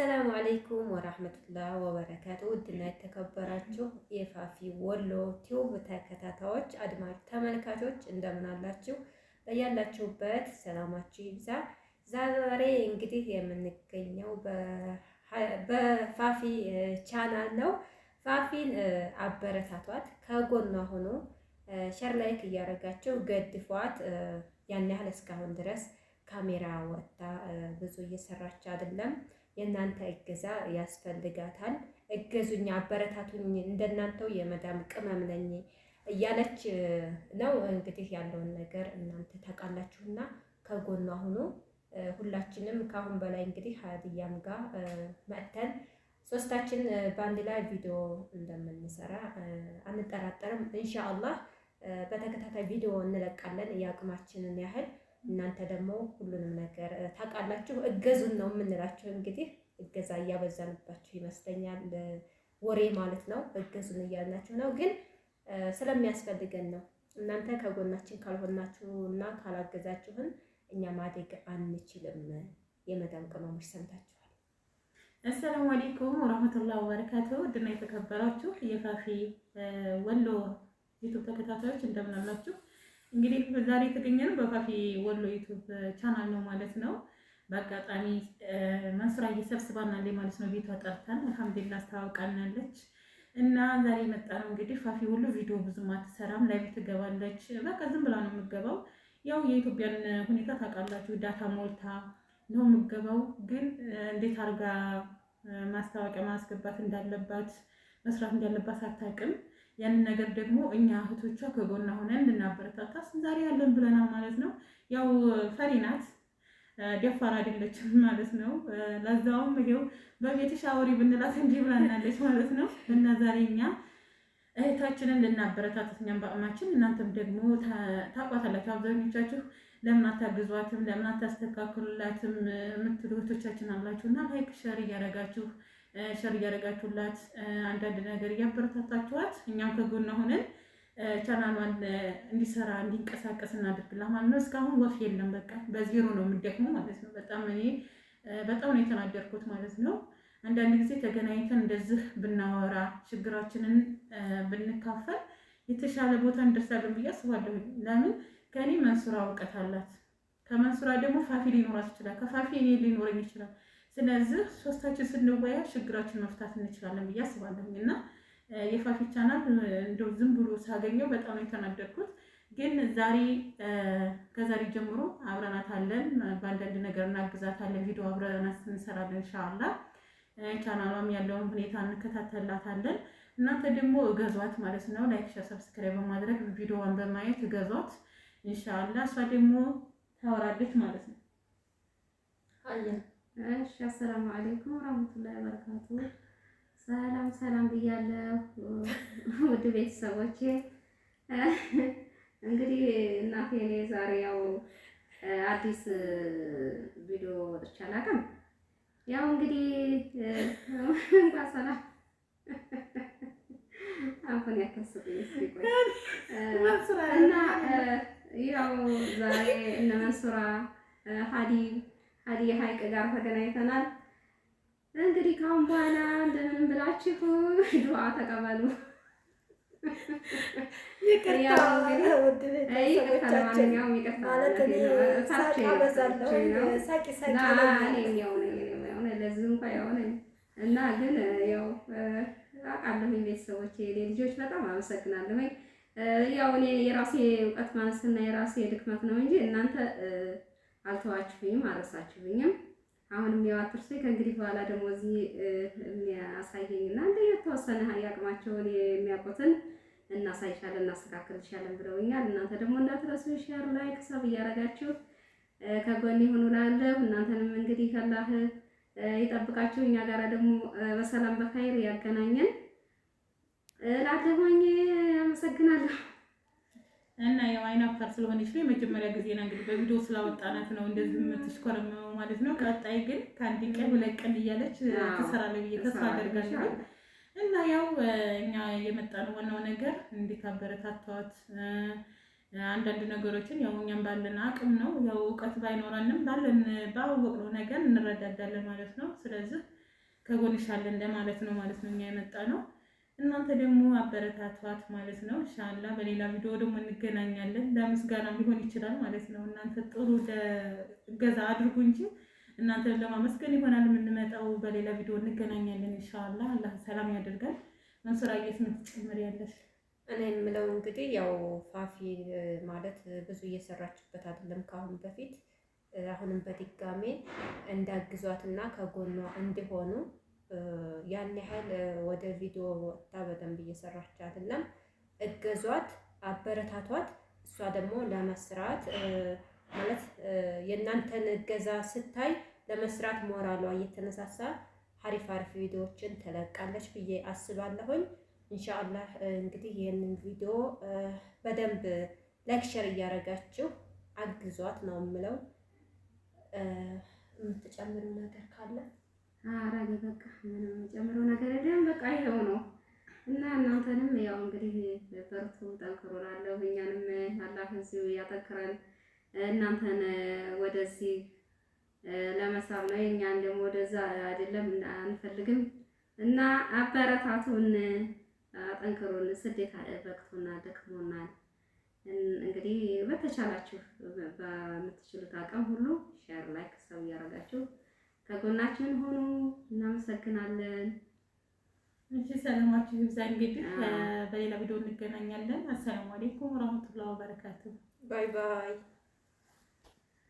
አሰላሙ አለይኩም ወራህመቱላህ ወበረካቱ። ውድና የተከበራችሁ የፋፊ ወሎ ቲዩብ ተከታታዮች አድማጭ ተመልካቾች እንደምን አላችሁ? በያላችሁበት ሰላማችሁ ይብዛ። ዛሬ እንግዲህ የምንገኘው በፋፊ ቻናል ነው። ፋፊን አበረታቷት፣ ከጎኗ ሆኖ ሸር ላይክ እያደረጋችሁ ገድፏት። ያን ያህል እስካሁን ድረስ ካሜራ ወጥታ ብዙ እየሰራች አይደለም። የእናንተ እገዛ ያስፈልጋታል። እገዙኝ፣ አበረታቱኝ፣ እንደናንተው የመዳም ቅመም ነኝ እያለች ነው እንግዲህ ያለውን ነገር እናንተ ታውቃላችሁና ከጎኗ ሁኑ። ሁላችንም ከአሁን በላይ እንግዲህ ሀዲያም ጋር መጥተን ሶስታችን በአንድ ላይ ቪዲዮ እንደምንሰራ አንጠራጠርም። እንሻአላህ በተከታታይ ቪዲዮ እንለቃለን የአቅማችንን ያህል እናንተ ደግሞ ሁሉንም ነገር ታውቃላችሁ፣ እገዙን ነው የምንላችሁ። እንግዲህ እገዛ እያበዛንባችሁ ይመስለኛል፣ ወሬ ማለት ነው። እገዙን እያልናችሁ ነው፣ ግን ስለሚያስፈልገን ነው። እናንተ ከጎናችን ካልሆናችሁ እና ካላገዛችሁን እኛ ማደግ አንችልም። የመዳም ቅመሞች ሰምታችኋል። አሰላሙ አሌይኩም ወራህመቱላህ ወበረካቱ። ድና የተከበራችሁ የፋፊ ወሎ ዩቱብ ተከታታዮች እንደምናላችሁ እንግዲህ ዛሬ የተገኘነው በፋፊ ወሎ ዩቱብ ቻናል ነው ማለት ነው። በአጋጣሚ መንሱራ እየሰብስባናለች ማለት ነው። ቤቷ ጠርታን አልሐምዱሊላ አስተዋውቃናለች። እና ዛሬ የመጣ ነው እንግዲህ ፋፊ ወሎ ቪዲዮ ብዙም አትሰራም፣ ላይቭ ትገባለች። በቃ ዝም ብላ ነው የምገባው። ያው የኢትዮጵያን ሁኔታ ታውቃላችሁ፣ ዳታ ሞልታ ነው የምገባው። ግን እንዴት አድርጋ ማስታወቂያ ማስገባት እንዳለባት መስራት እንዳለባት አታውቅም። ያንን ነገር ደግሞ እኛ እህቶቿ ከጎና ሆነን እንድናበረታታ ዛሬ ያለን ብለናል ማለት ነው። ያው ፈሪ ናት ደፋር አይደለችም ማለት ነው። ለዛውም ይኸው በቤትሽ አውሪ ብንላት እንዲህ ብላናለች ማለት ነው። እና ዛሬ እኛ እህታችንን ልናበረታታት እኛም በአቅማችን እናንተም ደግሞ ታውቋታላችሁ። አብዛኞቻችሁ ለምን አታግዟትም፣ ለምን አታስተካክሉላትም የምትሉ እህቶቻችን አላችሁ እና ላይክ ሸር እያደረጋችሁ ሸር እያደረጋችሁላት አንዳንድ ነገር እያበረታታችኋት እኛም ከጎና ሆነን ቻናሏን እንዲሰራ እንዲንቀሳቀስ እናድርግላት ማለት ነው። እስካሁን ወፍ የለም፣ በቃ በዜሮ ነው የምደክመው ማለት ነው። በጣም እኔ በጣም ነው የተናደርኩት ማለት ነው። አንዳንድ ጊዜ ተገናኝተን እንደዚህ ብናወራ ችግራችንን ብንካፈል የተሻለ ቦታ እንደርሳለን ብዬ አስባለሁ። ለምን ከእኔ መንሱራ እውቀት አላት። ከመንሱራ ደግሞ ፋፊ ሊኖራት ይችላል። ከፋፊ እኔ ሊኖረኝ ይችላል። ስለዚህ ሶስታችን ስንወያ ችግራችን መፍታት እንችላለን ብዬ አስባለሁኝ እና የፋፊ ቻናል እንደው ዝም ብሎ ሳገኘው በጣም የተናደድኩት ግን ዛሬ ከዛሬ ጀምሮ አብረናት አለን በአንዳንድ ነገር አለን ቪዲዮ አብረናት እንሰራለን። እንሻላ ቻናሏም ያለውን ሁኔታ እንከታተላታለን። እናንተ ደግሞ እገዟት ማለት ነው። ላይክ፣ ሸር፣ ሰብስክራይብ በማድረግ ቪዲዮዋን በማየት እገዟት። እንሻላ እሷ ደግሞ ታወራለች ማለት ነው። እሺ አሰላሙ አለይኩም ወራህመቱላሂ ወበረካቱ። ሰላም ሰላም ብያለሁ ውድ ቤተሰቦቼ። እንግዲህ እናቴ እኔ ዛሬ ያው አዲስ ቪዲዮ ወጥቼ አላውቅም። ያው እንግዲህ እንኳን ሰላም አሁን ያከሰብኝ እና ያው ዛሬ እነ መንሱራ ሀዲብ አዲየ ሀይቅ ጋር ተገናኝተናል። እንግዲህ ካሁን በኋላ እንደምን ብላችሁ ዱዓ ተቀበሉ። እና ግን ያው አውቃለሁኝ ቤተሰቦቼ፣ የእኔ ልጆች በጣም አመሰግናለሁኝ። ያው እኔ የራሴ እውቀት ማነስና የራሴ ድክመት ነው እንጂ እናንተ አልተዋችሁኝም፣ አረሳችሁኝም። አሁንም ያው አትርሱኝ። ከእንግዲህ በኋላ ደግሞ እዚህ የሚያሳየኝና እንደ የተወሰነ ያቅማቸውን የሚያውቁትን እናሳይሻለን፣ እናስተካክልሻለን ብለውኛል። እናንተ ደግሞ እንዳትረሱ ሼር፣ ላይክ፣ ሰብ እያደረጋችሁ ከጎን ይሁኑ እላለሁ። እናንተንም እንግዲህ ከላህ ይጠብቃችሁ፣ እኛ ጋራ ደግሞ በሰላም በኸይር ያገናኘን እላለሁኝ። አመሰግናለሁ። እና ያው አይን አፋር ስለሆነች ነው የመጀመሪያ ጊዜ ነው እንግዲህ በቪዲዮ ስላወጣናት ነው እንደዚህ የምትሽኮረመው ማለት ነው። ቀጣይ ግን ከአንድ ቀን ሁለት ቀን እያለች ትሰራለች ብዬ ተስፋ አደርጋለሁ። እና ያው እኛ የመጣነው ዋናው ነገር እንዴት አበረታቷት አንዳንድ ነገሮችን ያው እኛም ባለን አቅም ነው ያው እውቀት ባይኖረንም ባለን ባወቅነው ነገር እንረዳዳለን ማለት ነው። ስለዚህ ከጎንሻለን ለማለት ነው ማለት ነው እኛ የመጣ ነው እናንተ ደግሞ አበረታቷት ማለት ነው። እንሻላ በሌላ ቪዲዮ ደግሞ እንገናኛለን። ለምስጋና ሊሆን ይችላል ማለት ነው። እናንተ ጥሩ እገዛ አድርጉ እንጂ እናንተ ለማመስገን ይሆናል የምንመጣው። በሌላ ቪዲዮ እንገናኛለን። እንሻላ አላህ ሰላም ያደርጋል። መንሱራዬ ስም ምትጨምር ያለሽ እኔ የምለው እንግዲህ ያው ፋፊ ማለት ብዙ እየሰራችበት አይደለም ከአሁን በፊት አሁንም በድጋሜ እንዳግዟትና ከጎኗ እንዲሆኑ ያን ያህል ወደ ቪዲዮ ወጥታ በደንብ እየሰራች አይደለም። እገዟት፣ አበረታቷት። እሷ ደግሞ ለመስራት ማለት የእናንተን እገዛ ስታይ ለመስራት ሞራሏ እየተነሳሳ ሀሪፍ ሀሪፍ ቪዲዮዎችን ትለቃለች ብዬ አስባለሁኝ። ኢንሻአላህ እንግዲህ ይህንን ቪዲዮ በደንብ ሌክቸር እያደረጋችሁ አግዟት ነው የምለው። የምትጨምሩ ነገር ካለ አረግ በቃ ምንም ጨምሮ ነገር የለም። በቃ ይሄው ነው እና እናንተንም ያው እንግዲህ በርቱ፣ ጠንክሩ እኛንም አላህ እዚሁ ያጠንክረን። እናንተን ወደዚህ ለመሳብ ነው፣ እኛን ደግሞ ወደዛ አይደለም አንፈልግም። እና አበረታቱን፣ አጠንክሩን። ስደት በቅቶናል፣ ደክሞናል። እንግዲህ በተቻላችሁ በምትችሉት አቅም ሁሉ ሼር፣ ላይክ፣ ሰው እያደረጋችሁ ከጎናችን ሆኑ። እናመሰግናለን። እሺ ሰላማችሁ ይብዛ። እንግዲህ በሌላ ቪዲዮ እንገናኛለን። አሰላሙ አለይኩም ወራህመቱላሂ ወበረካቱ። ባይ ባይ።